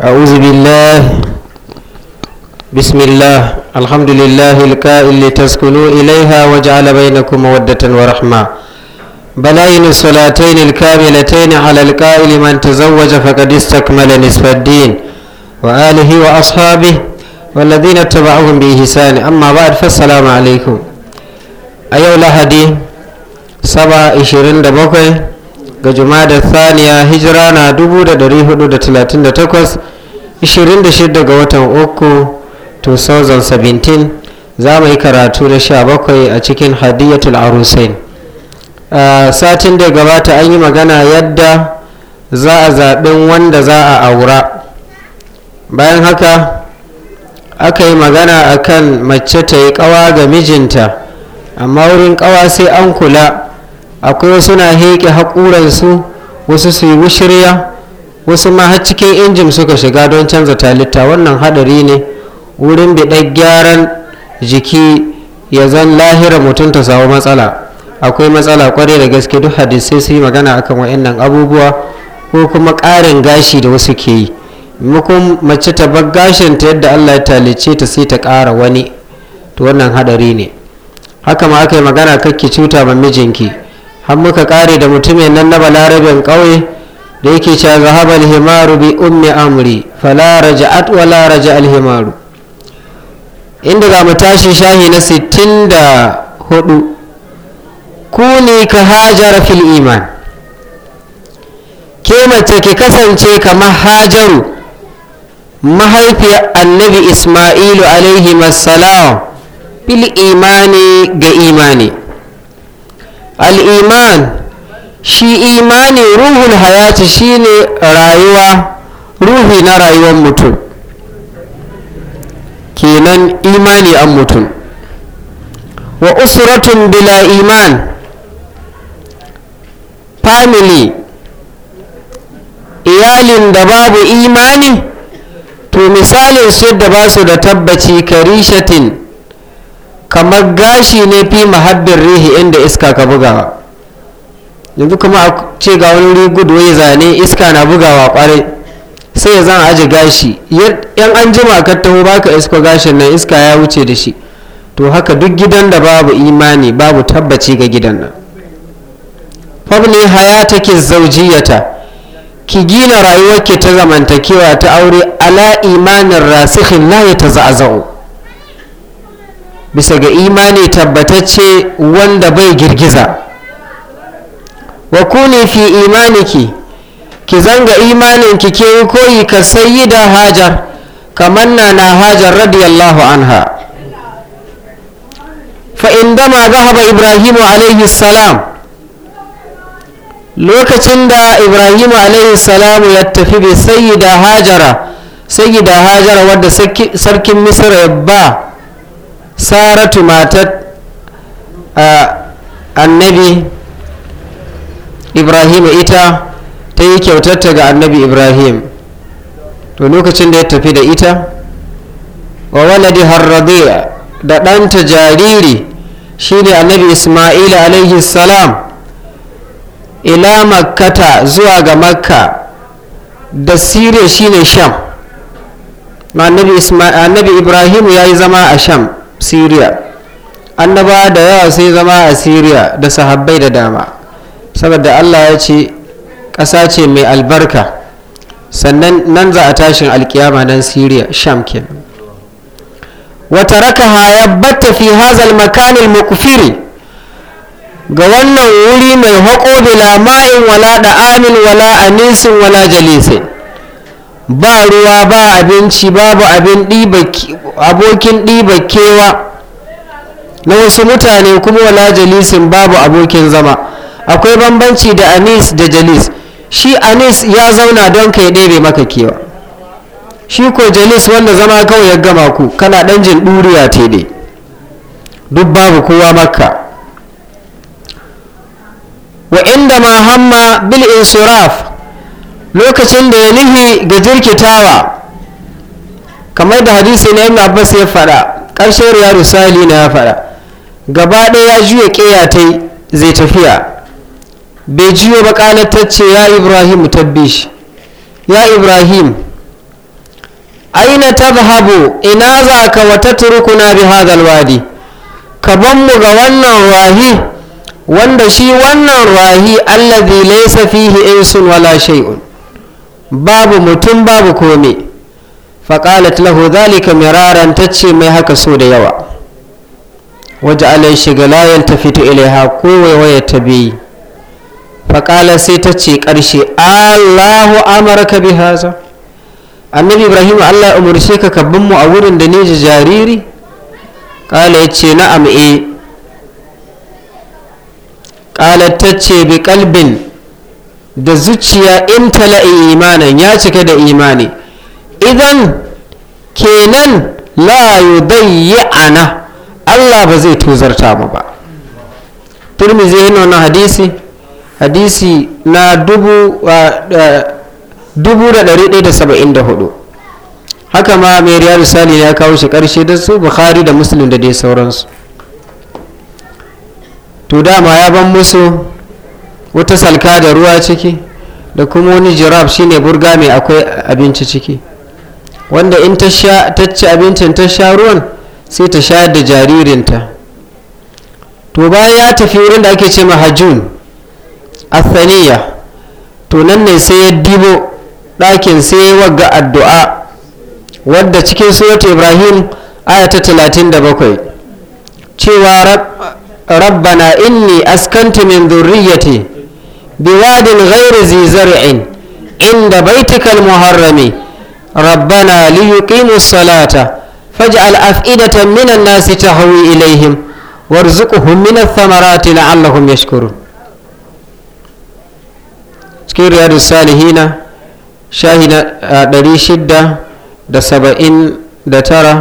أعوذ بالله بسم الله الحمد لله الكائن لتسكنوا إليها وجعل بينكم مودة ورحمة بلاين الصلاتين الكاملتين على القائل من تزوج فقد استكمل نصف الدين وآله وأصحابه والذين اتبعوهم بإحسان أما بعد فالسلام عليكم أيها الأحد سبعة عشرين دبوكي ga jumada saniya hijira na 438 26 ga watan uku 2017 za mu yi karatu da 17 a cikin hadiyatul arusain satin da gabata an yi magana yadda za a zaɓin wanda za a aura bayan haka aka yi magana akan mace ta yi kawa ga mijinta amma wurin kawa sai an kula akwai wasu na heke haƙuransu wasu su yi mushirya wasu ma har cikin injin suka shiga don canza talita wannan haɗari ne wurin biɗar gyaran jiki ya zan lahira mutum ta samu matsala akwai matsala kwarai da gaske duk hadisai su yi magana akan wa'annan abubuwa ko kuma ƙarin gashi da wasu ke yi mukun mace ta bar gashin ta yadda allah ya talice ta sai ta ƙara wani to wannan haɗari ne haka ma aka yi magana kakki cuta ma mijinki an muka kare da mutumin nan na balarabin ƙauye da yake cewa zahaba alhimaru bi ummi amri fala at wala raja alhimaru inda za mu tashi shahi na sittin da 64 ne ka hajara fil iman ke mace ki kasance kamar hajaru mahaifiyar annabi isma'ilu alaihi salam fil imani ga imani al'iman shi imani ruhun hayati shine rayuwa ruhi na rayuwar mutum kenan imani an mutum wa usratun bila iman family iyalin da babu imani to misalin su yadda ba su da tabbaci karishatin kamar gashi ne fi mahabbin rihi inda iska ka bugawa yanzu kuma a ce ga wani rigud wai zane iska na bugawa kwarai sai ya zan aji gashi yan an jima ka taho baka iska gashin nan iska ya wuce da shi to haka duk gidan da babu imani babu tabbaci ga gidan nan fabli take zaujiyata ki gina rayuwarki ta zamantakewa ta aure ala imanin rasikhin la ya ta za'aza'u bisa ga imani tabbatacce wanda bai girgiza wa kuni fi imaniki ki zanga imaninki ke yi koyi ka da hajar kamar na na hajar radiyallahu anha fa indama zahaba ibrahimu alaihi salam lokacin da ibrahimu alaihi salamu ya tafi bai da hajara da hajara wadda sarkin misra ya ba saratu matar annabi ibrahim ita ta yi kyautarta ga annabi ibrahim to lokacin da ya tafi da ita wa waladi harradiya da ɗanta jariri shine annabi isma'ila alaihi salam ila makkata zuwa ga makka da siriya shine sham annabi ibrahim ya yi zama a sham syria annaba da yawa sai zama a syria da sahabbai da dama saboda allah ya ce ƙasa ce mai albarka sannan nan za a tashin alkiyama nan syria sham wata raka ya batta fi hazal makanin mukufiri ga wannan wuri mai haƙo bila ma'in wala da amin wala anisin wala jalisin ba ruwa ba abinci babu abin abokin ɗiba kewa na wasu mutane kuma wala jalisin babu abokin zama akwai bambanci da anis da jalis shi anis ya zauna don kai ɗebe maka kewa shi ko jalis wanda zama kawai ya gama ku kana ɗan jin ɗuriya te dai duk babu kowa makka wa inda ma hamma bil insuraf lokacin da ya nufi ga jirkitawa kamar da hadisi na ibn abbas ya fara ƙarshen ruwa rusali na ya fara gaba ɗaya ya juya ƙeyatai zai tafiya bai juya ba ya ibrahim tabbish ya ibrahim aina tazhabu ina za ka wata turkuna bi hadal ka ban mu ga wannan rahi wanda shi wannan rahi allazi laysa fihi insun wala shay'un babu mutum babu kome faƙalat lahu zalika miraran ta ce mai haka so da yawa waje alai shiga layan ta fito ilaiha ko waiwaye ta biyi faƙalar sai ta ce ƙarshe allahu amurka bi haza annabi ibrahim allah ya umarce ka kabin mu a wurin da neji jariri ƙala ya ce na e eh. ƙalar ta ce bi kalbin da zuciya in tala'i imanin ya cika da imani idan kenan la ana Allah ba zai tuzarta mu ba turmi zai yana wannan hadisi hadisi na dubu da dari daya da saba'in da hudu haka ma mai riyar misali ya kawo shi karshe da su bukhari da muslim da dai sauransu to dama ya ban musu wata salka da ruwa ciki da kuma wani jirab shine burga mai akwai abinci ciki wanda in ta ci abincin ta sha ruwan sai ta sha da jaririnta to bayan ya tafi wurin da ake ce mahajun athaniya to nan ne sai ya dibo ɗakin sai ya wagga addu'a wadda cikin surat ibrahim aya ta talatin da bakwai cewa rabbana inni askantu min zurriyyati بواد غير ذي زرع عند بيتك المحرم ربنا ليقيموا الصلاة فاجعل أفئدة من الناس تهوي إليهم وارزقهم من الثمرات لعلهم يشكرون cikin riyadu salihina shahina a ɗari da saba'in da tara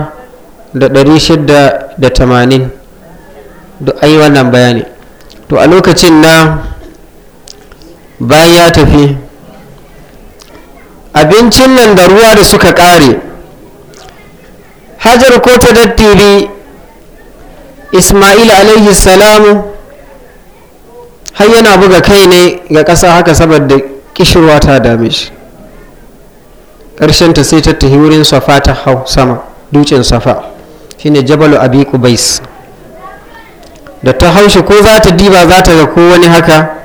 da da tamanin ayi wannan bayani to a lokacin na bayan ya tafi abincin nan da ruwa da suka ƙare hajar ko ta dattiri ismail alaihi salamu har yana buga kai ne ga ƙasa haka saboda kishirwa ta dame shi ta sai ta tafi wurin safa ta hau sama dutsen safa shine jabalu abi kubais da ta haushi ko za ta diba za ta ga ko wani haka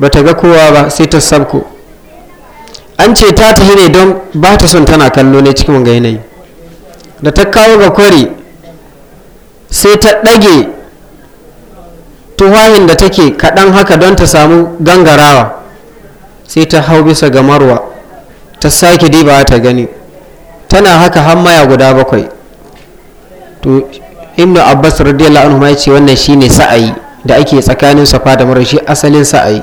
ba ta ga kowa ba sai ta sabko an ce ta tafi ne don ba ta son tana kallo ne cikin wanga yanayi da ta kawo ga kwari sai ta ɗage tuhayin da take kaɗan haka don ta samu gangarawa sai ta hau bisa ga marwa ta sake diba ta gani tana haka hammaya guda bakwai to inda abbas radiyallahu anhu ya ce wannan shine sa'ayi da ake tsakanin safa da mara shi asalin sa'ayi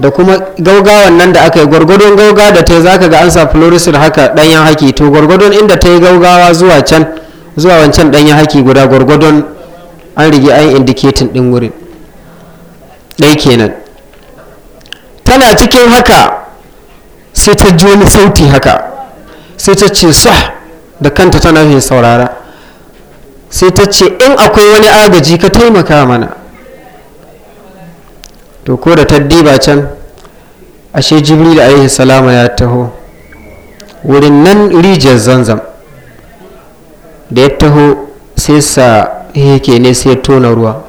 da kuma gaugawan nan da aka yi gwargwadon gauga da ta yi za ka ga an sa fluorescent haka ɗanyen haki to gwargwadon inda ta yi gaugawa zuwa can zuwa wancan ɗanyen haki guda gwargwadon an rige an indiketin ɗin wurin ɗai kenan tana cikin haka sai ta ji wani sauti haka sai ta ce sa da kanta tana yin saurara sai ta ce in akwai wani agaji ka taimaka mana to ko da taddiba can ashe jibril alaihi salama ya taho wurin nan rijiyar zanzam da ya taho sai sa heke ne sai tona ruwa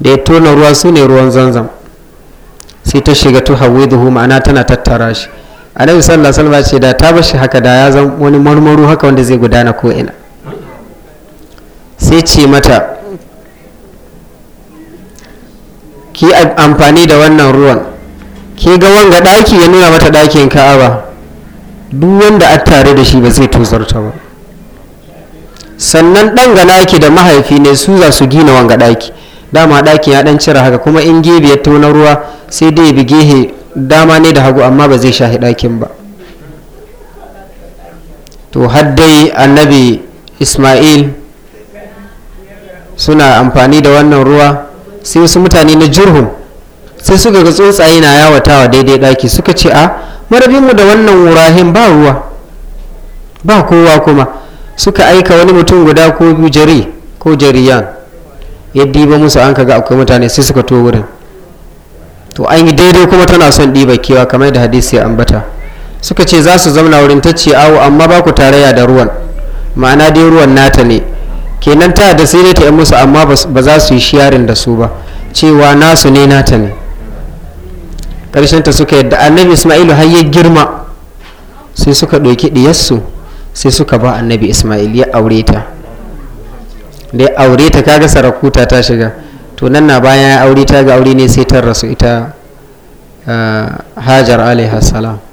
da ya tona ruwa su ne ruwan zanzam sai ta shiga ta hawai da ma'ana tana tattara shi annabi sallallahu alaihi wasallam ce da ta bashi haka da ya zan wani marmaru haka wanda zai gudana ko ina sai ce mata ki amfani da wannan ruwan ki ga wanga daki ya nuna mata dakin ka'aba duk wanda a tare da shi ba zai tozarta ba sannan ɗan ga naki da mahaifi ne su za su gina wanga daki dama dakin ya dan cira haka kuma in gebe ya tona ruwa sai dai bi gehe dama ne da hagu amma ba zai shahi dakin ba to har dai annabi ismail suna amfani da wannan ruwa sai wasu mutane na jirhum sai suka ga tsuntsaye na yawatawa daidai daki suka ce a marabinmu da wannan wurahin ba ruwa ba kowa kuma suka aika wani mutum guda ko biyu jari ko jariyan ya diba musu an kaga akwai mutane sai suka to wurin to an yi daidai kuma tana son ɗiba kewa kamar da hadisi ya ambata suka ce za su zauna wurin ta ce awo amma ba ku tarayya da ruwan ma'ana dai ruwan nata ne kenan ta da sai dai ta yi musu amma ba za su yi shiyarin da su ba cewa nasu ne nata ne ta suka yadda annabi ismailu har ya girma sai suka ɗauki ɗiyarsu sai suka ba annabi ismail ya aure ta da ya aure ta kaga sarakuta ta shiga to nan na bayan ya aure ta ga aure ne sai ta rasu ita ah, hajar alaihassalam salam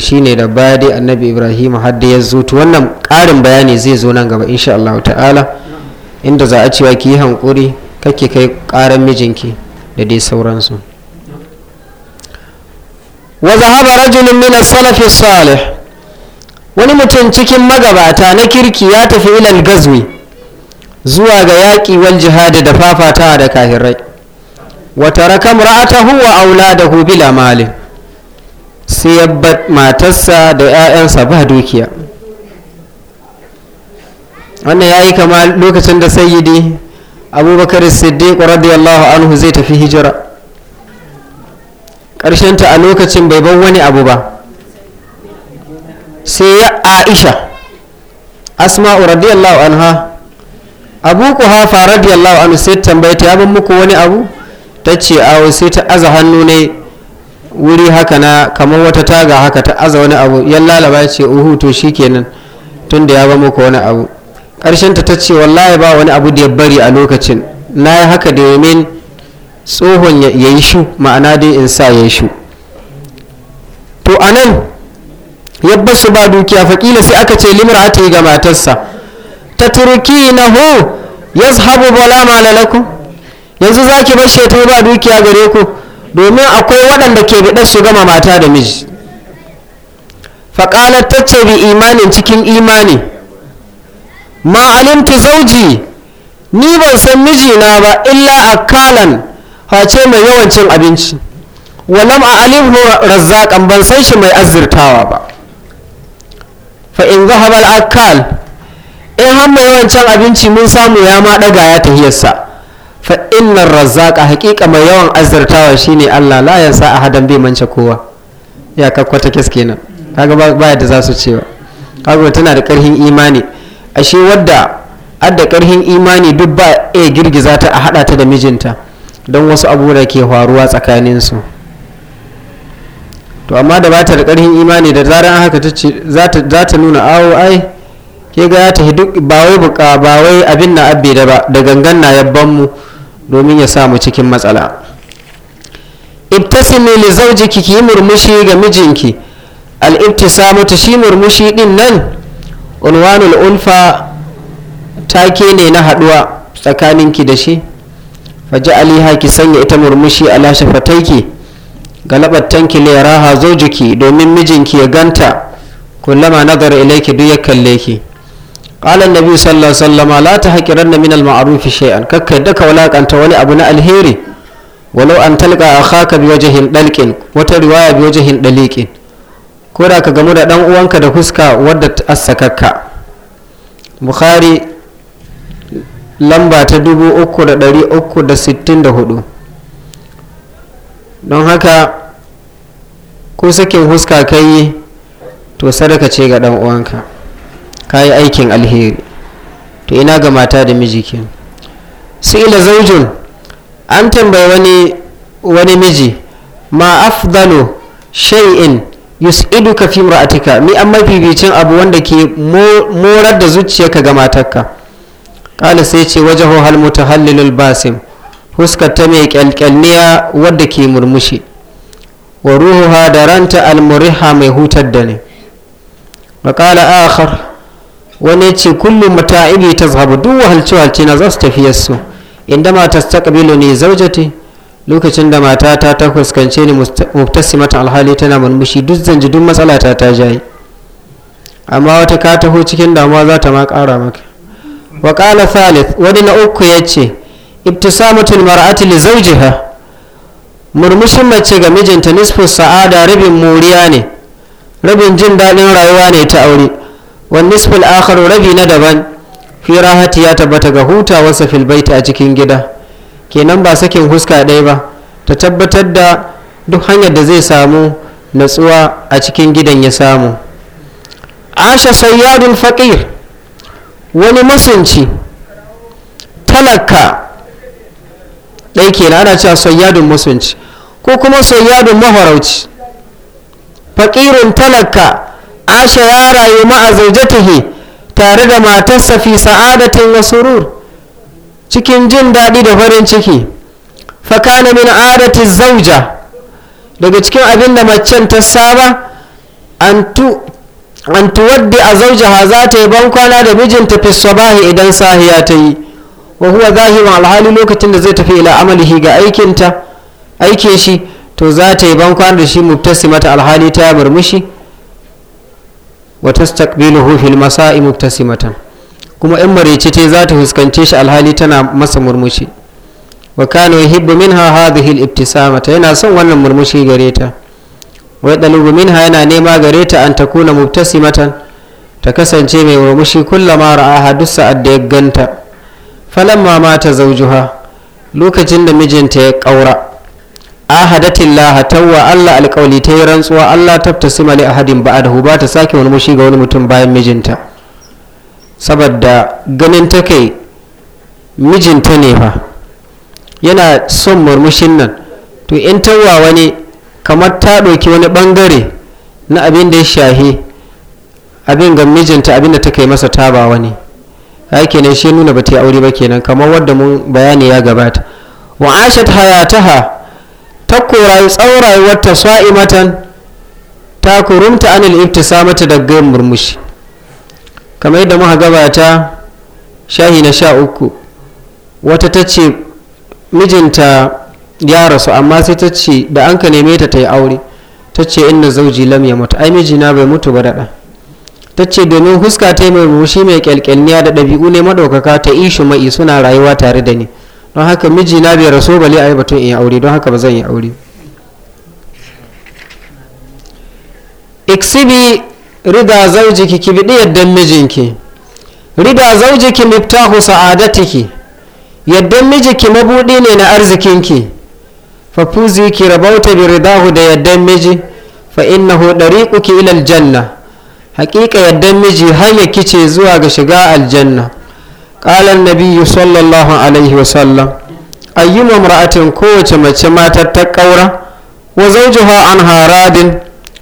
to ne da baya dai annabi ibrahim hadda ya zo to wannan ƙarin bayani zai zo nan gaba insha Allah ta'ala inda za a cewa ki yi hankuri kake kai ƙaran mijinki da dai sauransu wa zahaba rajulun min as salih wani mutum cikin magabata na kirki ya tafi ilal gazwi zuwa ga yaƙi wal jihadi da fafatawa da kahirai wa taraka mar'atahu wa auladahu bila malin sai ya matarsa da 'ya'yansa ba dukiya wannan ya yi kama lokacin da sayyidi abubakar siddiq radiyallahu anhu zai tafi hijira ƙarshenta a lokacin bai bar wani abu ba sai ya aisha asma'u radiyallahu anha abu kuhafa radiyallahu anhu sai ta ya ban muku wani abu ta ce awo sai ta aza hannu ne wuri haka na kamar wata taga haka ta aza wani abu yan lalaba ya ce uhu to shikenan tun da ya ba muku wani abu ƙarshen ta ce wallahi ba wani abu da ya bari a lokacin na yi haka domin tsohon ya yi shu ma'ana dai in sa ya yi shu to a nan yabba su ba dukiya faƙila sai aka ce limra ta yi ga matarsa ta turki na hu ya zahabu bala malalaku yanzu za ki bashe ta ba dukiya gare ku domin akwai waɗanda ke biɗar su gama mata da miji faƙalar ce bi imanin cikin imani ma zauji ni ban san mijina ba illa akalan face mai yawancin abinci walam a alimhu razzaƙan ban san shi mai azirtawa ba fa in zahabar akal in eh, hamma yawancin abinci mun samu ya ma ɗaga ya tahiyarsa fa innar razzaqa haƙiƙa mai yawan azartawa shine Allah la sa ahadan bai mance kowa ya kakwata kenan kaga baya da za su cewa kaga tana da ƙarfin imani ashe wadda adda ƙarfin imani duk ba iya girgiza ta a haɗa ta da mijinta don wasu abubuwa ke faruwa tsakaninsu to amma da bata da ƙarfin imani da zaran haka ta ce za ta nuna awo ai ke ga ta duk ba wai buka ba wai abin na abbe da ba da gangan na yabban mu domin ya samu cikin matsala ibtasimi li jiki ki murmushi ga mijinki al ibtisamu ta shi murmushi din nan unwanul unfa take ne na haduwa tsakaninki da shi faji aliha ki sanya ita murmushi ala shafataiki galabattanki zau jiki domin mijinki ya ganta kullama nazar ilaiki duk ya kalle ki qala annabi sallallahu alaihi wasallam la tahqiranna min al-ma'ruf shay'an kakka yadda ka walakanta wani abu na alheri walau an talqa akhaka bi wajhin dalqin wata riwaya bi wajhin daliqin ko da ka gamu da ɗan uwanka da huska wadda ta assakakka bukhari lamba ta dubu 3364 don haka ko sakin huska kai to sadaka ce ga ɗan uwanka ka yi aikin alheri to ina ga mata da miji ke ila zaujun an tambayi wani wani miji ma afdalu shay'in yus'iduka fi imra'atika mi an mafificin abu wanda ke morar da zuciyarka ga matarka kala sai ce wajahu hal mutahallilul basim huskar ta mai kyalkyalniya wadda ke murmushi wa ruhuha da ranta almuriha mai hutar da ne wa kala wani ce kullum ibi ta zahabu duk wahalci wahalce na za su su inda mata ta kabilu ne zaujati lokacin da matata ta fuskance ni mata alhali tana murmushi duk zanji duk matsala ta ta jayi amma wata ka taho cikin damuwa za ta ma ƙara maka wa ƙala thalith wani na uku ya ce ibtisamatul mar'ati li zawjiha murmushin mace ga mijinta nisfu sa'ada rabin moriya ne rabin jin daɗin rayuwa ne ta aure wan nisful akhar rabi na daban fi ya tabbata ga hutawarsa fil baiti a cikin gida kenan ba sakin huska ɗaya ba ta tabbatar da duk hanyar da zai samu natsuwa a cikin gidan ya samu asha sayyadul faqir wani masunci talaka ɗai kenan ana cewa sayyadun masunci ko kuma sayyadun maharauci faƙirin talaka asha ya rayu ma'a zaujatihi tare da matarsa fi sa'adatin wa surur cikin jin daɗi da farin ciki fakana min adati zauja daga cikin abin da macen ta saba an tuwaddi a zaujaha za ta yi bankwana da mijinta fi sabahi idan sahiya ta yi wa huwa zahirin alhali lokacin da zai tafi ila amalihi ga aikinta aikin shi to za ta yi bankwana da shi mata alhali ta murmushi wa tastaqbiluhu fil masa'i mubtasimatan kuma in marece te za ta fuskance shi alhali tana masa murmushi wa kana yuhibbu minha hadhihi al ibtisamata yana son wannan murmushi gare ta wa dalubu minha yana nema gare ta an takuna mubtasimatan ta kasance mai murmushi kullama raa duk sa'ad da ya ganta falamma mata zawjuha lokacin da mijinta ya kaura ahadatillah tawwa Allah alƙawli ta yi rantsuwa Allah tabtasima li ahadin ba'dahu ba ta sake wani mushi ga wani mutum bayan mijinta saboda ganin ta kai mijinta ne fa yana son murmushin nan to in tawwa wani kamar ta ɗauki wani ɓangare na abin da ya shahi abin ga mijinta abin da ta kai masa taba wani ai kenan shi nuna ba ta yi aure ba kenan kamar wadda mun bayani ya gabata wa aishat hayataha ta korayi tsawon rayuwarta matan ta kurumta anil ibtisamata da ga murmushi kamar yadda muka gabata shahi na sha uku wata ta ce mijinta ya rasu amma sai ta ce da an ka neme ta ta aure ta ce inna zauji lam ya mutu ai mijina bai mutu ba daɗa ta ce domin huska ta mai murmushi mai kyalkyalniya da ɗabi'u ne maɗaukaka ta ishi mai suna rayuwa tare da ni don haka miji na bai raso bale a yi batun in yi aure don haka ba zan yi aure iksibi rida zaujiki ki bi yaddan mijinki rida zaujiki miftahu sa'adatiki yaddan mijinki mabudi ne na arzikinki fa fuzi ki rabauta bi ridahu da yaddan miji fa innahu dariquki ila aljanna haqiqa yaddan miji hanya kice zuwa ga shiga aljanna قال النبي صلى الله عليه وسلم أيما امرأة كوت ما تتكورا وزوجها عنها راد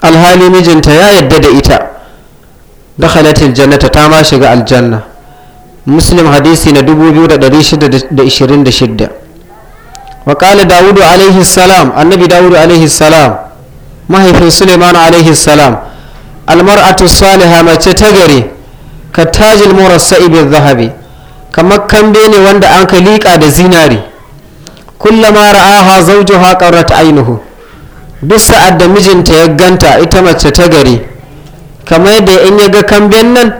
الهالي مجنت يا يدد إتا دخلت الجنة تاما شغا الجنة مسلم حديثي ندبو بيودة دريشد دشرين دشدة وقال داود عليه السلام النبي داود عليه السلام ما هي في سليمان عليه السلام المرأة الصالحة ما تتغري كتاج المرصع بالذهبي kamar kambe ne wanda an ka liƙa da zinari kullama ra'aha zawjuha qarrat ainihu duk sa'ad da mijinta ya ganta ita mace ta gari kamar yadda in ya ga kamben nan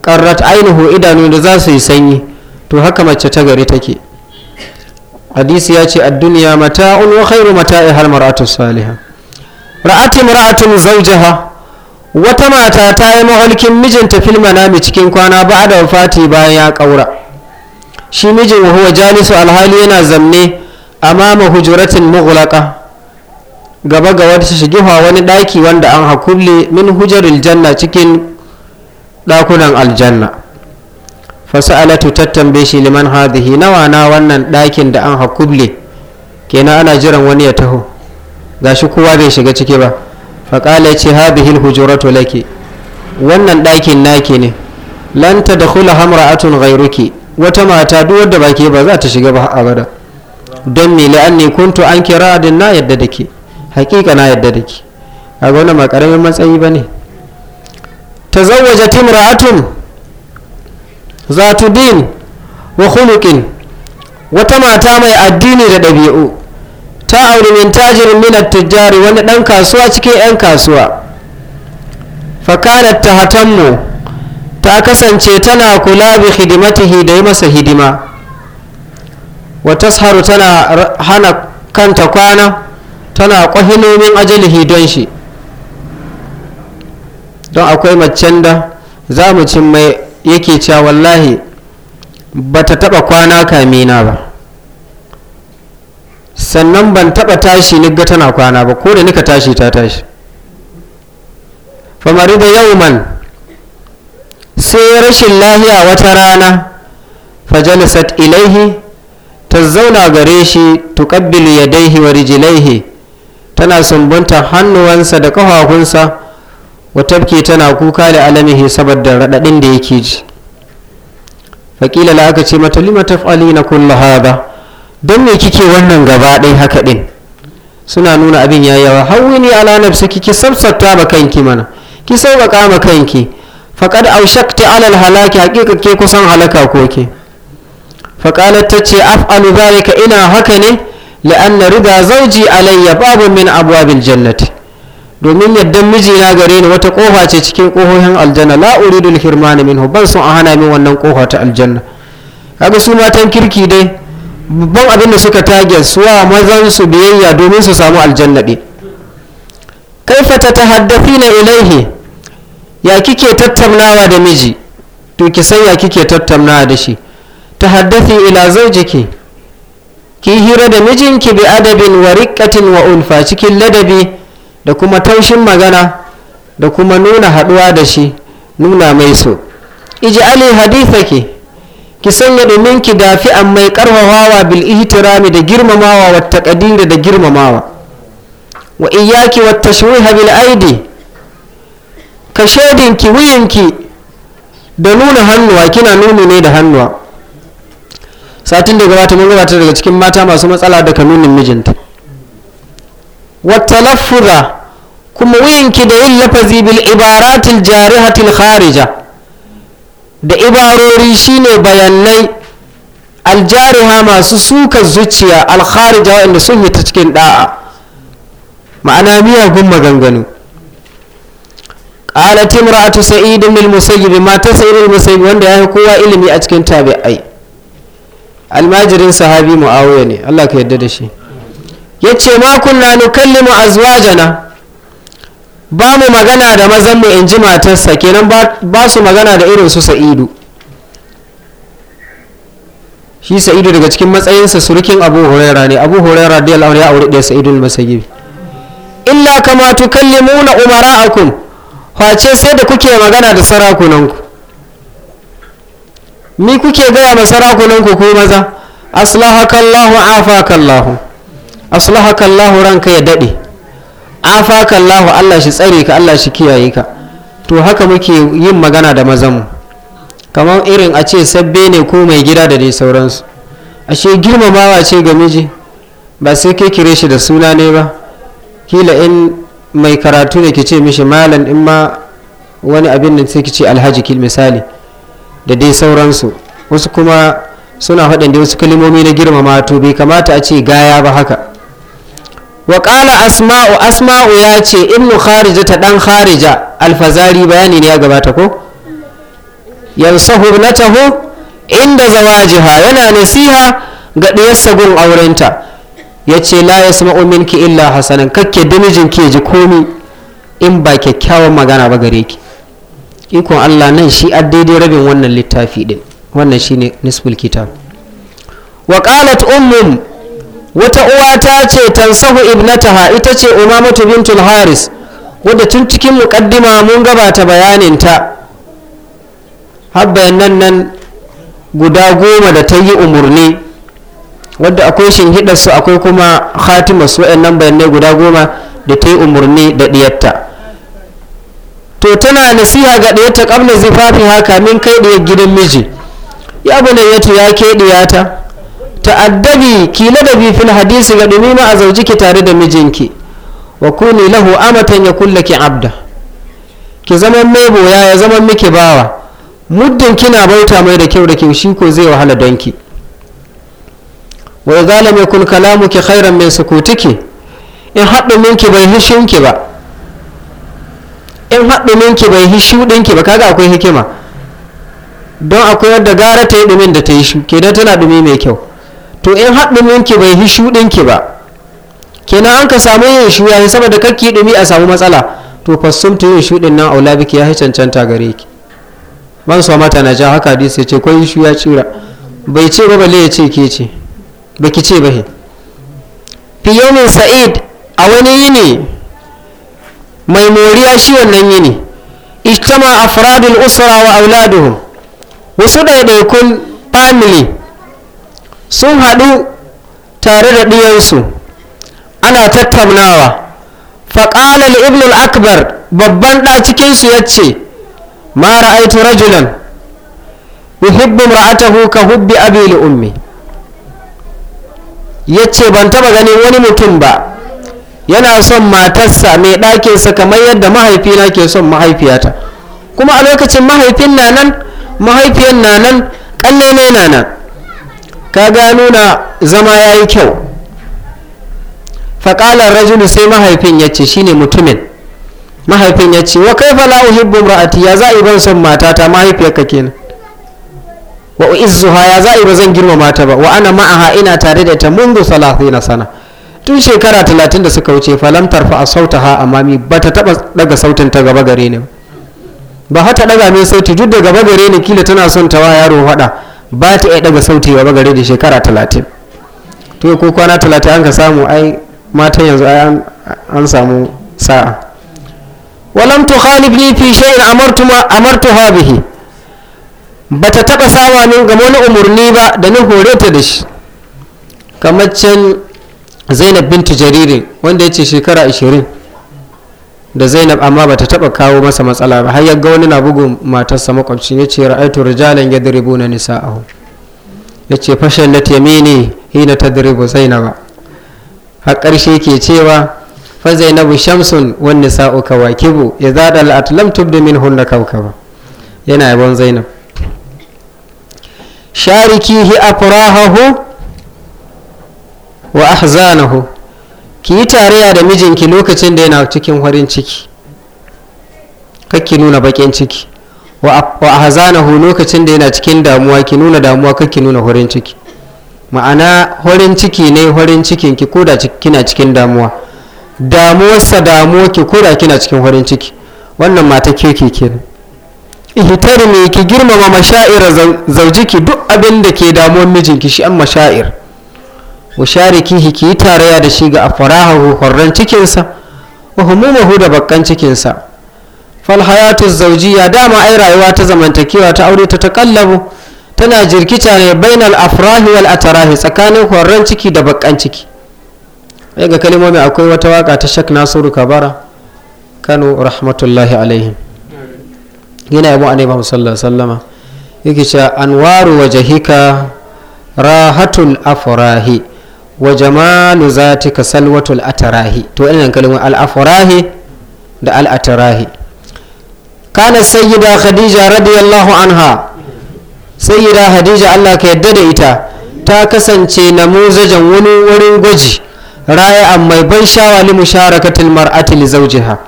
qarrat ainihu idanu da za su yi sanyi to haka mace ta gari take hadisi ya ce ad-dunya mata'un wa khairu mata'i har mar'atu salihah ra'at imra'atun zaujaha wata mata ta yi mahalkin mijinta fil manami cikin kwana ba da wafati bayan ya kaura shi mijin huwa jalisu alhali yana zamne amama hujuratin mughlaqa gaba ga wata shigiwa wani daki wanda an hakulle min hujaril janna cikin dakunan aljanna sa'alatu tattambe shi liman hadhihi nawa na wannan dakin da an hakulle kenan ana jiran wani ya taho gashi kowa bai shiga ciki ba faƙala ce hadhihi alhujuratu laki wannan dakin naki ne lan tadkhulu hamra'atun ghayruki wata mata duk wadda ba ke ba za ta shiga ba abada don me la'anni kuntu an kira din na yadda da ke hakika na yadda da ke a ga ma karamin matsayi ba ne ta tazawwajat imra'atun zatu din wa khuluqin wata mata mai addini da ɗabi'u ta auri min tajirin min at wani dan kasuwa cikin yan kasuwa fa fakanat mu. ta kasance tana kula bi hidimatihi da yi masa hidima wa tasharu tana hana kanta kwana tana kwahilomin ajalihi don shi don akwai macen da za mu cin mai yake cewa wallahi ba ta taba kwana kamina ba sannan ban taba tashi ni ga tana kwana ba ko da nika tashi ta tashi famari da yau man. sai rashin lahiya wata rana fajalisat ilaihi ta zauna gare shi tuqabbilu yadaihi wa rijlaihi tana sumbunta hannuwansa da kafafunsa wa tabki tana kuka da alamihi saboda radadin da yake ji faƙila la aka ce mata lima taf'alina kullu hada don me kike wannan gaba ɗai haka ɗin suna nuna abin ya yawa hawwini ala nafsi kike sabsabta ma kanki mana ki sauƙaƙa ma kanki faƙad ta alal halaki haƙiƙa ke kusan halaka ko ke faƙalar ta ce af'alu zalika ina haka ne la'anna rida zauji alayya babu min abwabil jannati domin yadda mijina gare ni wata kofa ce cikin kohohin aljanna la uridu alhirmana minhu ban son a hana min wannan kofa ta aljanna kaga su matan kirki dai babban abin da suka tage suwa mazan su biyayya domin su samu aljanna kai kaifa ta na ilaihi ya kike tattaunawa da miji to ki san ya kike tattaunawa da shi ta haddasi ila zaujiki ki hira da mijinki bi adabin wa riqqatin wa ulfa cikin ladabi da kuma taushin magana da kuma nuna haduwa da shi nuna mai so iji ij'ali hadithaki ki sanya domin ki dafi an mai karfafawa bil ihtirami da girmamawa wa taqdiri da girmamawa wa iyyaki wat tashwiha bil aidi ka shaidinki wuyanki da nuna hannuwa kina nuni ne da hannuwa satin da gabata mun gabata daga cikin mata masu matsala da kanunin mijinta wata lafuza kuma wuyanki da yin lafazi bil ibaratil jarihatil kharija da ibarori shine bayanai aljariha masu suka zuciya alkharija waɗanda sun hita cikin da'a ma'ana miyagun maganganu qalat imra'atu sa'id ibn al-musayyib ta sa'id al-musayyib wanda yayi kowa ilimi a cikin tabi'ai almajirin sahabi muawiya ne Allah ka yarda da shi yace ma kunna nukallimu azwajana ba mu magana da mazan mu inji matarsa kenan ba su magana da irin su sa'idu shi sa'idu daga cikin matsayinsa surukin abu huraira ne abu huraira da ya aure da sa'idu al-musayyib illa kama tukallimuna umara'akum face sai da kuke magana da sarakunanku ni kuke gaya ma sarakunanku ko maza aslahakallahu afakallahu aslahakallahu ranka ya daɗe afakallahu Allah shi tsare ka Allah shi kiyaye ka to haka muke yin magana da mazanmu kamar irin a ce sabbe ne ko mai gida da dai sauransu ashe girmamawa ce ga miji ba sai kai kire shi da suna ne ba kila in mai karatu ne ki ce mishi malam in ma wani abin da sai ki ce alhaji kil misali da dai sauransu wasu kuma suna faɗin da wasu kalimomi na girmama to bai kamata a ce gaya ba haka wa asma'u asma'u ya ce in mu kharija ta dan kharija alfazari bayani ne ya gabata ko yansahu natahu inda zawajiha yana nasiha ga ɗiyarsa gun aurenta ya ce la ya sama minki illa hasanan kakke damijin ke ji komi in ba kyakkyawan magana ba gare ki ikon allah nan shi a daidai rabin wannan littafi din wannan shi ne nisful kitab wa qalat ummum wata uwa ta ce tansahu ibnataha ita ce umamatu bintul haris wadda tun cikin muƙaddima mun gabata bayaninta har bayanan nan guda goma da ta yi umarni wadda akwai shinhidar su akwai kuma khatimar su nan bayanai guda goma da ta yi umarni da ɗiyarta to tana nasiha ga ɗiyarta ƙamna zifafi haka min kai ɗiyar gidan miji ya abu ne ya ke ɗiyata addabi ki ladabi fil hadisi ga dumi ma a ki tare da mijinki wa kuni lahu amatan ya kulla ki abda ki zama mai boya ya zama miki bawa muddin kina bauta mai da kyau da kyau shi ko zai wahala donki ki wa mai kun kalamu kalamuki khairan min sukutiki in haɗu minki bai hishinki ba in minki bai hishuɗinki ba kaga akwai hikima don akwai wadda gara ta yi ɗumin da ta yi shu kenan tana ɗumi mai kyau to in haɗu minki bai hishuɗinki ba kenan an ka samu yin shu yayin saboda kakki ɗumi a samu matsala to ta yin shuɗin nan aula biki ya cancanta gare ki ban so mata na ja haka hadisi ce ko yin shu ya cira bai ce ba balle ya ce ke ce baki ce ba fiye min sa'id a wani yini mai moriya shi wannan yini a afradul usra wa auladuhum wasu ɗaiɗaikun family sun haɗu tare da ɗiyansu ana tattaunawa faƙalar ibn akbar babban ɗa cikinsu ya ce ma ra'aitu rajulan yuhibbu ra'atahu ka hubbi abi ummi ya ce ban taba ganin wani mutum ba yana son matarsa mai ɗakinsa kamar yadda mahaifina ke son mahaifiyata kuma a lokacin mahaifin na nan mahaifiyar na nan ƙanne ne na nan ka gano na zama ya yi kyau faƙalar rajulu sai mahaifin ya ce shine mutumin mahaifin ya ce wa kai fa la ra'ati ya za ban son matata mahaifiyarka kenan wa izzuha ya za'i ba zan girmama ta ba wa ana ma'aha ina tare da ta mundu na sana tun shekara talatin da suka wuce falam tarfa amma amami ba ta taba daga sautin ta gaba gare ni ba hata daga mai sauti duk da gaba gare ni kila tana son ta wa yaro hada ba ta iya daga sauti gaba gare da shekara talatin to ko kwana talatin an ka samu ai mata yanzu ai an samu sa'a walam tukhalifni fi shay'in amartu amartu bihi ba ta taɓa sawa min ga wani umarni ba da ni hore ta da shi kamar can zainab bintu jaririn wanda ya ce shekara ashirin da zainab amma ba ta taɓa kawo masa matsala ba har ya ga wani na bugu matarsa makwabci ya ce ra'aitu rijalan ya diribu na nisa'ahu ya ce fashin na temini hina ta diribu zainab a ƙarshe ke cewa fa zainabu shamsun wani sa'u kawakibu ya zaɗa la'atlam tubda min hunna ba yana yabon zainab sharikihi afrahahu wa ahzanahu ki yi tarayya da mijinki lokacin da yana cikin farin ciki kakki nuna bakin ciki wa ahzanahu lokacin da yana cikin damuwa ki nuna damuwa kakki nuna farin ciki ma'ana farin ciki ne farin cikin ki koda kina cikin damuwa damuwarsa damuwa ki koda kina cikin farin ciki wannan mata keke kenan ihtarmi ki girmama mashair zaujiki duk abin da ke damuwar mijinki shi an mashair wa sharikihi ki yi tarayya da shi ga afarahu horran cikinsa wa humumahu da bakkan cikinsa fal hayatu zaujiya dama ai rayuwa ta zamantakewa ta aure ta takallabu tana jirkita ne bainal afrahi wal atarahi tsakanin horran ciki da bakkan ciki ai ga kalmomi akwai wata waka ta shak nasiru kabara kano rahmatullahi alaihim yana yabon annabi Muhammad sallallahu alaihi wasallama yake cewa anwaru wajhika rahatul afrahi wa jamalu zatika salwatul atarahi to ina kalmomin al afrahi da al atarahi kana sayyida khadija radiyallahu anha sayyida khadija Allah ka yadda da ita ta kasance namuzajen wani wurin gwaji raya mai ban sha'awa li musharakatil mar'ati li zawjiha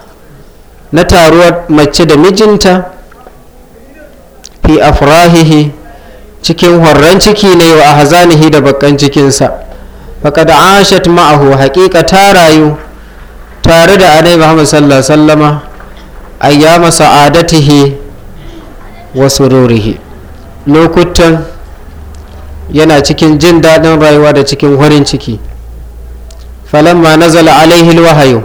na taruwar mace da mijinta fi afrahihi cikin horon ciki ne wa ahzanihi da bakan cikinsa faqad ashat ma'ahu haqiqa ta rayu tare da annabi Muhammad sallallahu alaihi wasallama ayyama sa'adatihi wa sururihi lokutan yana cikin jin daɗin rayuwa da cikin horin ciki falamma nazala alaihi alwahyu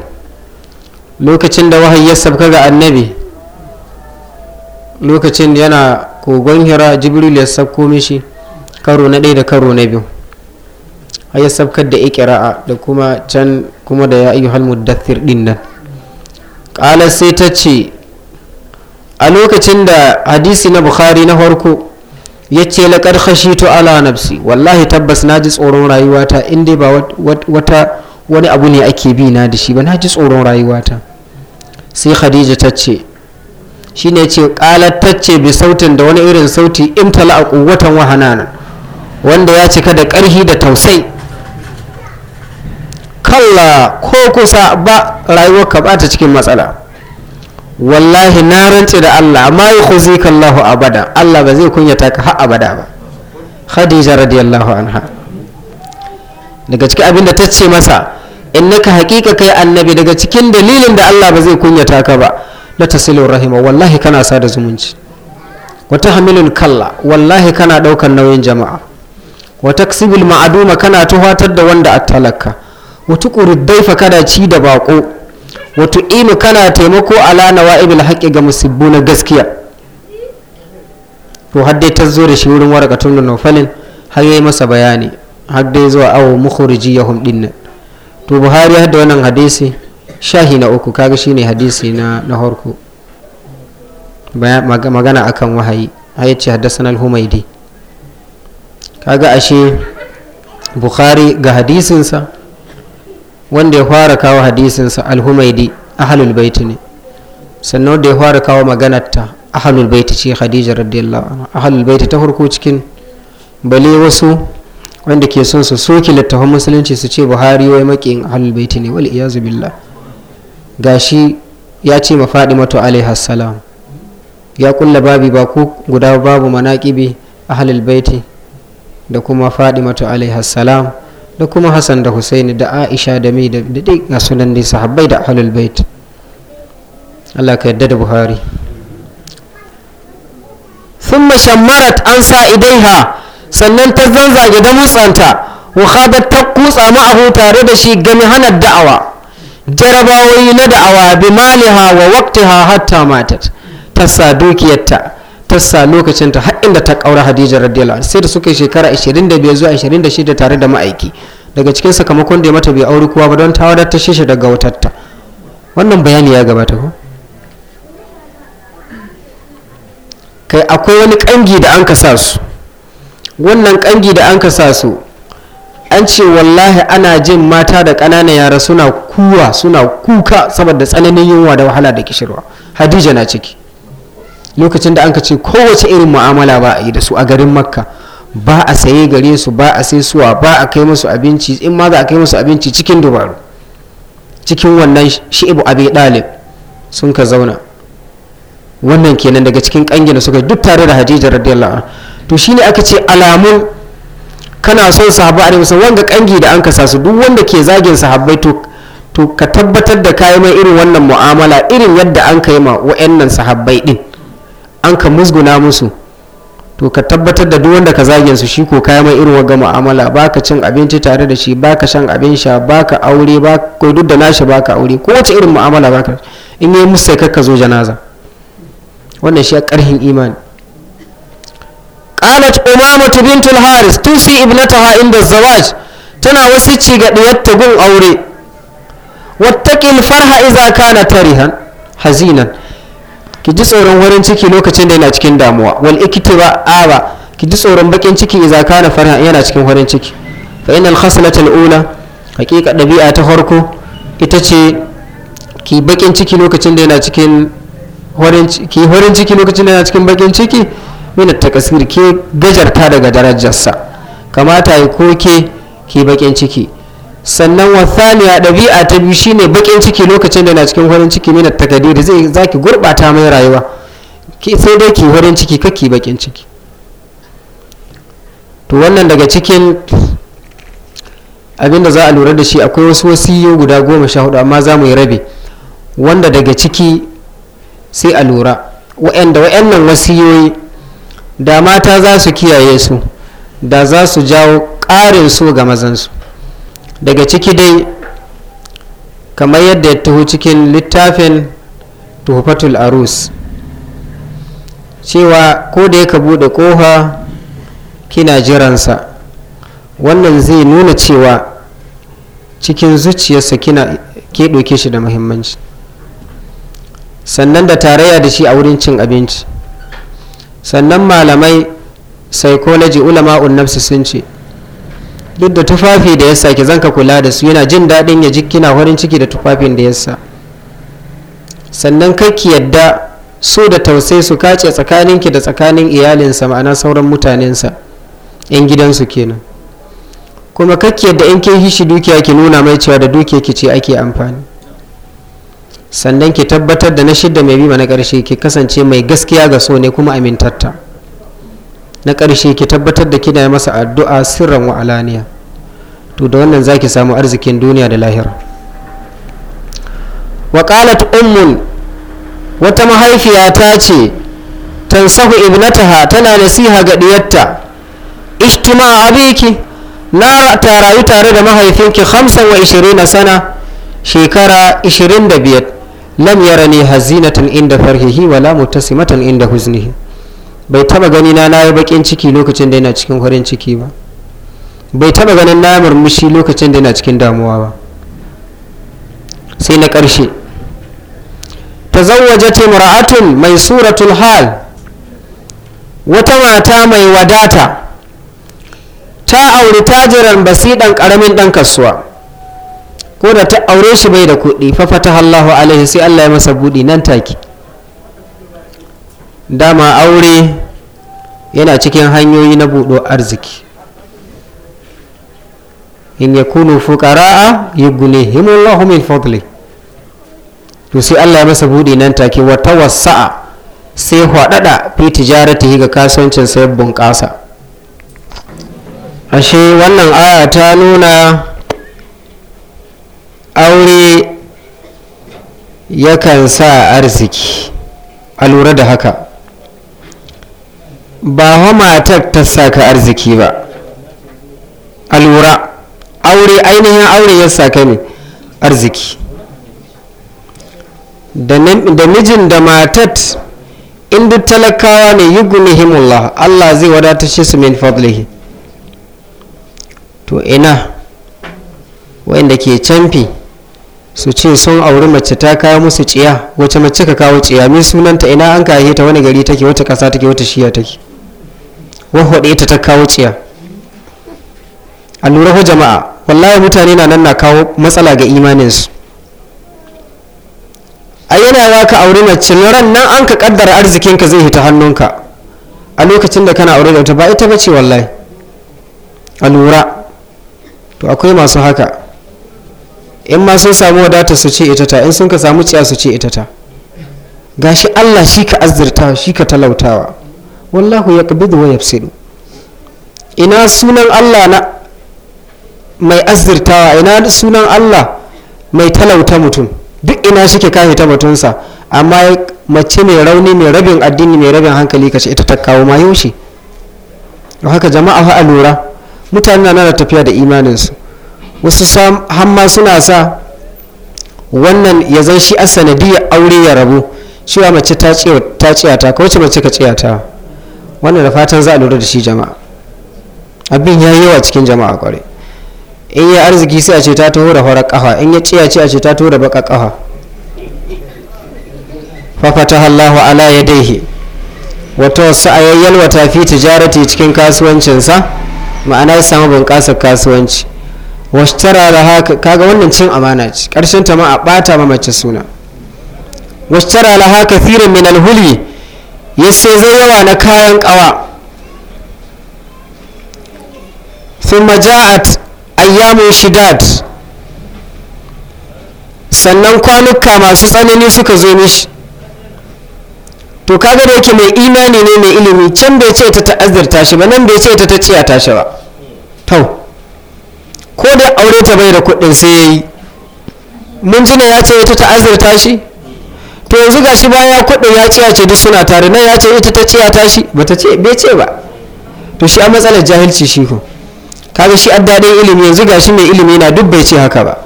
lokacin da wahayi ya sabka ga annabi lokacin yana kogon hira jibril ya sabko mishi karo na ɗaya da karo na biyu a ya sabkar da ikira'a da kuma can kuma da ya ayyuhal da din nan ƙala sai ta ce a lokacin da hadisi na bukhari na farko ya ce laƙar to ala nafsi wallahi tabbas na ji tsoron rayuwata in dai ba wata wani abu ne ake bi na da shi ba na ji tsoron rayuwata sai khadija ta ce shine ce kalatacce bi sautin da wani irin sauti imtala a kuwatan wahanana wanda ya cika da ƙarhi da tausai kalla ko kusa ba rayuwarka ba ta cikin matsala wallahi na rance da Allah amma yi khuzika Allahu abada Allah ba zai kunyata ka har abada ba Khadija radiyallahu anha daga cikin abin da ta ce masa in innaka haƙiƙa kai annabi daga cikin dalilin da Allah ba zai kunyata ka ba la tasilu rahima wallahi kana sada zumunci wata hamilun kalla wallahi kana daukan nauyin jama'a wata taksibil ma'aduma kana tuhatar da wanda a wa tuquru daifa kana ci da bako wata tu'inu kana taimako ala nawa'ibil haqqi ga musibbu na gaskiya to har ta zo da shi wurin warakatun nufalin har yayi masa bayani har dai zuwa awo ya dinnan to buhari har da wannan hadisi shahi na uku kaga shi ne hadisi na na magana akan wahayi a yace haddathana al-humaydi kaga ashe bukhari ga hadisinsa wanda ya fara kawo hadisinsa al a ahlul bait ne sannan da ya fara kawo maganarta ahlul bait ce khadija radiyallahu anha ahlul bait ta cikin bale wasu wanda ke son su soke littafin musulunci su ce buhari wai makin ahlul bait ne wal iyazu billah gashi ya ce ma faɗi mato salam ya kulla babi ba ku guda babu a halil baiti da kuma faɗi mato salam da kuma hasan da husaini da aisha da mi da dai a sunan dai sahabbai da halil baiti Allah ka yadda da buhari sun mashammarat an sa idaiha sannan ta zanzage da musanta wa da ta kutsa abu tare da shi game hana da'awa jarabawai na da'awa bi maliha wa waqtiha hatta matat tassa dukiyarta tassa lokacin ta har inda ta kaura Hadija radiyallahu anha sai da suka yi shekara 25 zuwa 26 tare da ma'aiki daga cikin sakamakon da ya mata bai aure kuwa ba don ta wadar ta shishi daga wutarta wannan bayani ya gabata ko kai akwai wani kangi da an ka sa su wannan kangi da an ka sa su an ce wallahi ana jin mata da ƙananan yara suna kuwa suna kuka saboda tsananin yunwa da wahala da kishirwa hadija na ciki lokacin da an ka ce kowace irin mu'amala ba a yi da su a garin makka ba a saye gare su ba a sai suwa ba a kai musu abinci in ma za a kai musu abinci cikin dubaru cikin wannan shi'ibu abi dalib sun ka zauna wannan kenan daga cikin kangina suka duk tare da hadija radiyallahu anha to shine aka ce alamun kana son sahabba a musan wanga kangi da an kasa su duk wanda ke zagin sahabbai to to ka tabbatar da kai mai irin wannan mu'amala irin yadda an kai ma wa'annan sahabbai din an ka musguna musu to ka tabbatar da duk wanda ka zagin su shi ko kai mai irin wanga mu'amala baka cin abinci tare da shi baka shan abin sha baka aure ba ko duk da nashi baka aure ko wace irin mu'amala baka in yi musu sai ka zo janaza wannan shi ya karhin imani قالت أمامة بنت الحارث توصي ابنتها عند الزواج تنا وسيتشي قد يتقون أوري واتقي الفرح إذا كان تارها حزينا ki ji tsoron wurin ciki lokacin da yana cikin damuwa wal iktiba aba ki ji tsoron bakin ciki idza kana farha yana cikin farin ciki fa innal khaslat al haqiqa dabi'a ta farko ita ce ki bakin ciki lokacin da yana cikin bakin ciki mina takasir ke gajarta daga darajarsa kamata ya koke ke bakin ciki sannan a ɗabi'a ta biyu shine bakin ciki lokacin da na cikin wurin ciki mina takadiri zai zaki gurbata mai rayuwa sai dai ki wurin ciki kake bakin ciki to wannan daga cikin abinda za a lura da shi akwai wasu wasiyo guda goma sha hudu amma za mu yi rabe wanda daga ciki sai a lura wa'anda nan wasiyoyi da mata za su kiyaye su da za su jawo ƙarin so ga mazansu daga ciki dai kamar yadda ya taho cikin littafin tuhufatul arus cewa ko da yaka buɗe ƙofa kina jiransa wannan zai nuna cewa cikin zuciyarsa kina ke ɗauke shi da muhimmanci sannan da tarayya da shi a wurin cin abinci sannan malamai psychology ulama nafsi sun ce duk da tufafi da yasa ki zanka kula da su yana jin daɗin ya kina farin ciki da tufafin da yasa sannan ki yadda su da tausai su kace tsakaninki da tsakanin iyalinsa ma'ana sauran mutanensa 'yan gidansu kenan kuma kakki yadda in kin hishi dukiya ki nuna mai cewa da dukiya ki ce ake amfani sannan ki tabbatar da na shidda mai bi na ƙarshe ki kasance mai gaskiya ga so ne kuma amintatta na ƙarshe ki tabbatar da kina masa addu'a sirran wa alaniya to da wannan zaki samu arzikin duniya da lahira wa qalat ummun wata mahaifiya ta ce tansahu ibnataha tana nasiha ga diyarta ihtima abiki na ta rayu tare da mahaifinki 25 sana shekara 25 lam yarani hazinatan inda farhihi wala mutasimatan inda huznihi bai taba gani na nayi bakin ciki lokacin da yana cikin farin ciki ba bai taba ganin na murmushi lokacin da yana cikin damuwa ba sai na ƙarshe tazawwajat imra'atun mai suratul hal wata mata mai wadata ta auri tajiran basidan karamin dan kasuwa ko da ta aure shi bai da kuɗi fa fataha Allahu alaihi sai Allah ya masa buɗi nan take dama aure yana cikin hanyoyi na buɗo arziki in ya yakunu fuqara'a Allahu min fadli to sai Allah ya masa buɗi nan take wa tawassa'a sai hwadada fi tijaratihi ga kasuwancin sai bunƙasa ashe wannan aya ta nuna aure yakan sa arziki a lura da haka ba wa matar ta saka arziki ba a lura aure ainihin aure ya saka ne arziki da mijin da matat inda talakawa ne yi himula Allah zai wadata shi su min fadlihi to ina wa'inda ke canfi su ce sun auri mace ta kawo musu ciya wace mace ka kawo ciya mai sunanta ina an kaye ta wani gari take wata kasa take wata shiya take wahwaɗe ta ta kawo ciya a lura ko jama'a wallahi mutane na nan na kawo matsala ga imaninsu a yana za ka auri mace ran nan an ka kaddara arzikinka zai hita hannunka a lokacin da kana aure da ita ba ita bace wallahi a lura to akwai masu haka in ma sun samu wadata su ce ita ta in sun ka samu ciya su ce ita ta gashi Allah shi ka azzirta shi ka talautawa wallahu ya kabidu wa yafsidu ina sunan Allah na mai azzirtawa ina sunan Allah mai talauta mutum duk ina shi ke kahe ta mutunsa amma mace mai rauni mai rabin addini mai rabin hankali kace ita ta kawo ma yaushe haka jama'a fa lura mutane na da tafiya da imaninsu wasu hamma suna sa wannan ya zan shi a sanadiyar aure ya rabu cewa mace ta ta ko wace mace ka ta wannan da fatan za a lura da shi jama'a abin ya yawa cikin jama'a kwarai in ya arziki sai a ce ta taho da farar kafa in ya ciya ce a ce ta taho da baka kafa fataha Allahu ala ya daihe wata wasu a ta fi tijarati cikin kasuwancinsa ma'ana ya samu bunƙasar kasuwanci tara da haka kaga wannan cin amana ce karshen ta ma a bata ma mace suna tara da haka firin min alhuli ya sai yawa na kayan kawa sun maja'at ayyamun shidad sannan kwanuka masu tsanani suka zo mishi to kaga da yake mai imani ne mai ilimi can bai ce ta ta'azzarta shi ba nan bai ce ta ta ciya shi ba ko da aure ta bai da kuɗin sai ya yi mun ji ya ce ita ta azurta shi to yanzu ga shi baya kuɗin ya ce ce duk suna tare nan ya ce ita ta ce ta tashi ba ta ce bai ce ba to shi a matsalar jahilci shi ko kaga shi an daɗin ilimi yanzu ga shi mai ilimi na duk bai ce haka ba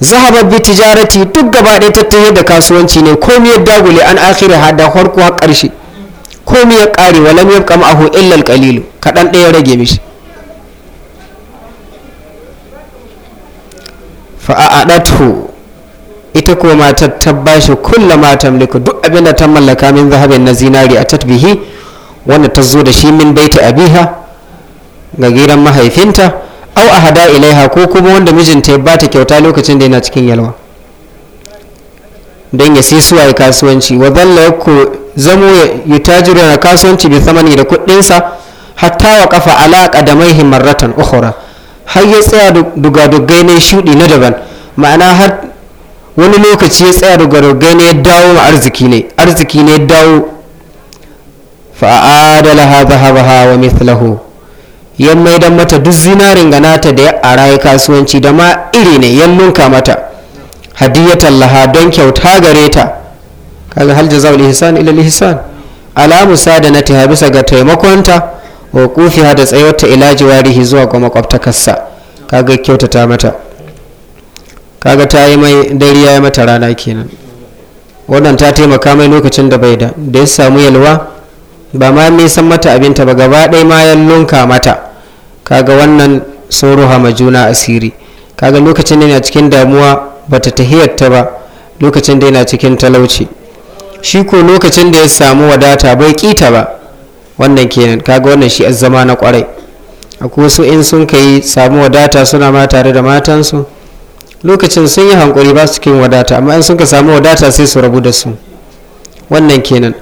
zahaba bi tijarati duk gaba ɗaya tattare da kasuwanci ne komai ya dagule an akhira hada farko har ƙarshe komai ya ƙare walam yabqa ma'ahu illa al-qalil kaɗan ɗaya rage mishi fa’adatu ita ko mata ta bashi kulla matan tamliku duk abinda ta mallaka min zahabin na zinari a tatbihi wanda ta zo da shi min baita abiha ga gidan mahaifinta au a hada ilaiha ko kuma wanda mijinta ya bata kyauta lokacin da yana cikin yalwa don ya sai ya kasuwanci wa zalla ku zamo ya tajiru na kasuwanci bi samani da kuɗinsa hatta wa kafa alaƙa da mai himarratan ukhura har ya tsaya dugadugai na shuɗi na daban ma'ana har wani lokaci ya tsaya dugadugai na ya dawo ma arziki ne arziki ne ya dawo fa'adalaha zahabaha wa mithlahu ya maidan mata duk zinarin ganata da ya ara ya kasuwanci da ma iri ne ya nunka mata hadiyatan laha don kyauta gare ta kaga hal jazaul ihsan ila ihsan bisa ga taimakonta wa kufiya da tsayuwarta ila jiwarihi zuwa ga makwabtakarsa kaga kyautata mata kaga ta yi mai dare ya yi mata rana kenan wannan ta taimaka mai lokacin da bai da da ya samu yalwa ba ma mai san mata abinta ba gaba ɗaya ma ya lunka mata kaga wannan sun ruha ma juna asiri kaga lokacin da yana cikin damuwa bata tahiyarta ba lokacin da yana cikin talauci shi ko lokacin da ya samu wadata bai kita ba wannan kenan kaga wannan shi zama na kwarai akwai wasu in sun kai samu wadata suna ma tare da matansu lokacin sun yi hankuri ba su kin wadata amma in sun ka samu wadata sai su rabu da su wannan kenan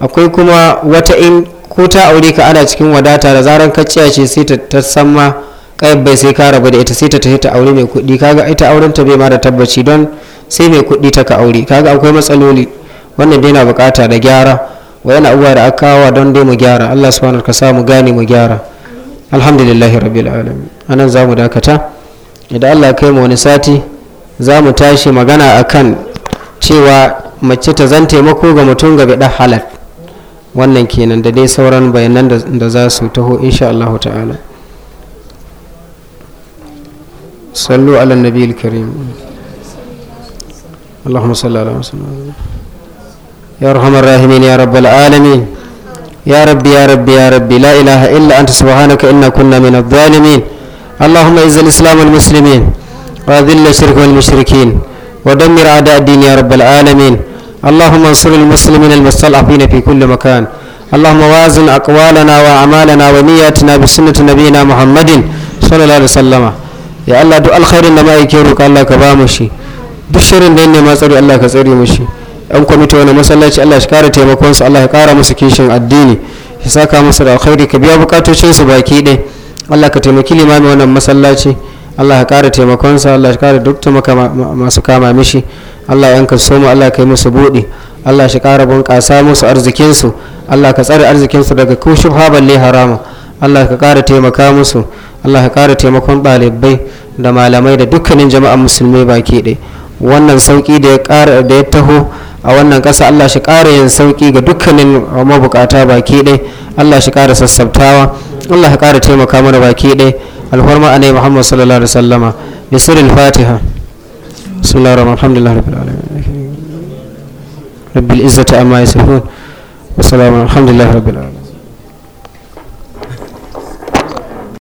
akwai kuma wata in ko ta aure ka ana cikin wadata da zaran ka ce sai ta san ma kai bai sai ka rabu da ita sai ta tafi ta aure mai kuɗi kaga ita auren ta bai ma da tabbaci don sai mai kuɗi ta ka aure kaga akwai matsaloli wannan dai na bukata da gyara wayan abubuwa da aka kawo don dai mu gyara Allah subhanahu ka sa mu gane mu gyara alhamdulillahi rabbil alamin anan za mu dakata idan Allah kai mu wani sati za mu tashi magana akan cewa mace ta zan taimako ga mutum ga bidan halal wannan kenan da dai sauran bayanan da za su taho insha Allah ta'ala sallu ala karim اللهم صل على محمد يا ارحم الراحمين يا رب العالمين يا ربي يا ربي يا ربي لا اله الا انت سبحانك انا كنا من الظالمين اللهم اعز الاسلام والمسلمين واذل الشرك والمشركين ودمر اعداء الدين يا رب العالمين اللهم انصر المسلمين المستضعفين في كل مكان اللهم وازن اقوالنا واعمالنا ونياتنا بسنه نبينا محمد صلى الله عليه وسلم يا الله duk الخير da يكيرك الله كبامشي ka بيني ما shi الله shirin مشي yan kwamiti wani masallaci allah shi kara taimakonsu allah ya kara musu kishin addini shi saka musu da alkhairi ka biya bukatocinsu baki ɗaya allah ka taimaki limamin wannan masallaci allah ya kara taimakonsa allah ya kara duk taimaka masu kama mishi allah yan ka soma allah ka yi musu buɗe allah shi kara bunƙasa musu arzikinsu allah ka tsare arzikinsu daga kushin haballe harama allah ka kara taimaka musu allah ka kara taimakon ɗalibai da malamai da dukkanin jama'an musulmai baki ɗaya wannan sauki da ya ƙara da ya taho a wannan ƙasa Allah shi ƙara yin sauki ga dukkanin mabukata baki ɗai Allah shi ƙara sassabtawa Allah shi ƙara taimaka mana baki ɗai alfarma anai Muhammad sallallahu alaihi wasallama bi sirrin Fatiha sallallahu rahmanir alhamdulillah alhamdulillahi rabbil alamin rabbil izzati amma yasifun wa salamun alhamdulillahi rabbil alamin